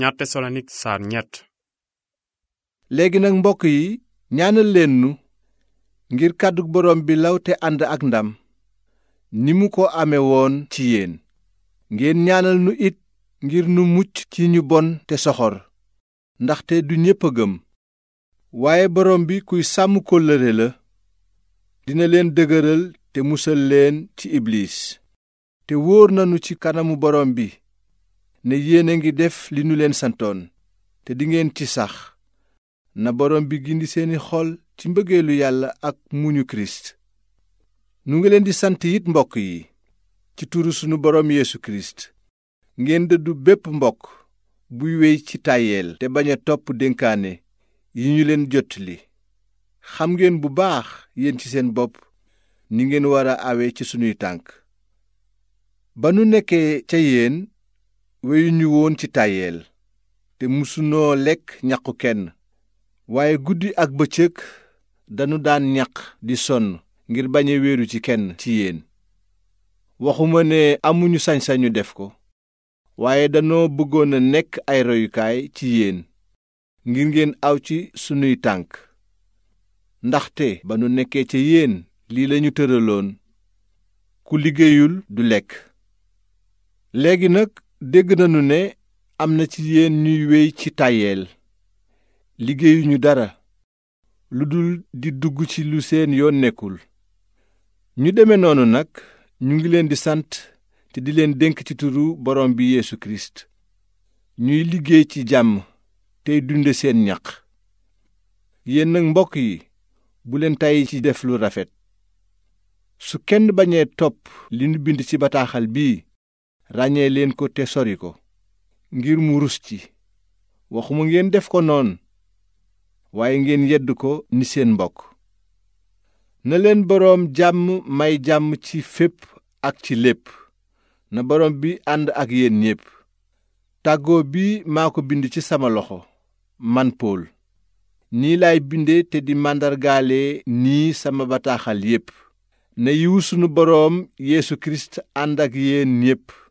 ñaar tesalonik saar léegi nag mbokk yi ñaanal leen nu ngir kàddu borom bi law te ànd ak ndam ni mu ko ame woon ci yéen ngeen ñaanal nu it ngir nu mucc ci ñu bon te soxor ndaxte du ñépp a gëm waaye borom bi kuy sàmm kóllëre la dina leen dëgëral te musal leen ci ibliis te wóor nanu ci kanamu borom bi ne yéen a ngi def li nu leen santoon te dingeen ci sax na boroom bi gindi seeni xol ci mbëggeelu yàlla ak muñu kirist nu ngi leen di sant it mbokk yi ci turu sunu borom yeesu kirist ngeen dëddu bépp mbokk buy wey ci tàyyeel te bañ a topp dénkaane yi ñu leen jottali xam ngeen bu baax yéen ci seen bopp ni ngeen war a awe ci sunuy tànk ba nu nekkee ca yéen ñu woon ci tàyyeel te musunoo lekk ñaqu kenn waaye guddi ak bëccëg danu daan ñaq di sonn ngir bañ a wéeru ci kenn ci yéen waxuma ne amuñu sañsañu def ko waaye danoo bëggoon a nekk ay royukaay ci yéen ngir ngeen aw ci sunuy tànk ndaxte ba nu nekkee ca yéen lii lañu tëraloon ku liggéeyul du lekk léegi nag dégg nañu ne am na ci yéen ñuy wéy ci tàyyeel liggéeyuñu dara lu dul di dugg ci lu seen yoon nekkul ñu deme noonu nag ñu ngi leen di sant te di leen dénk ci turu borom bi Yeesu Kirist ñuy liggéey ci jàmm tey dunde seen ñax yéen nag mbokk yi bu leen tàyyi ci def lu rafet su kenn bañee topp li nu bind ci bataaxal bii ràññee leen ko te sori ko ngir mu rus ci mu ngeen def ko noonu waaye ngeen yedd ko ni seen mbokk na leen boroom jàmm may jàmm ci fépp ak ci lépp na boroom bi ànd ak yéen ñépp tàggoo bi maa ko bind ci sama loxo man pool nii lay binde te di màndargale nii sama bataaxal yépp na yiwu sunu boroom yéesu Kirist ànd ak yéen ñépp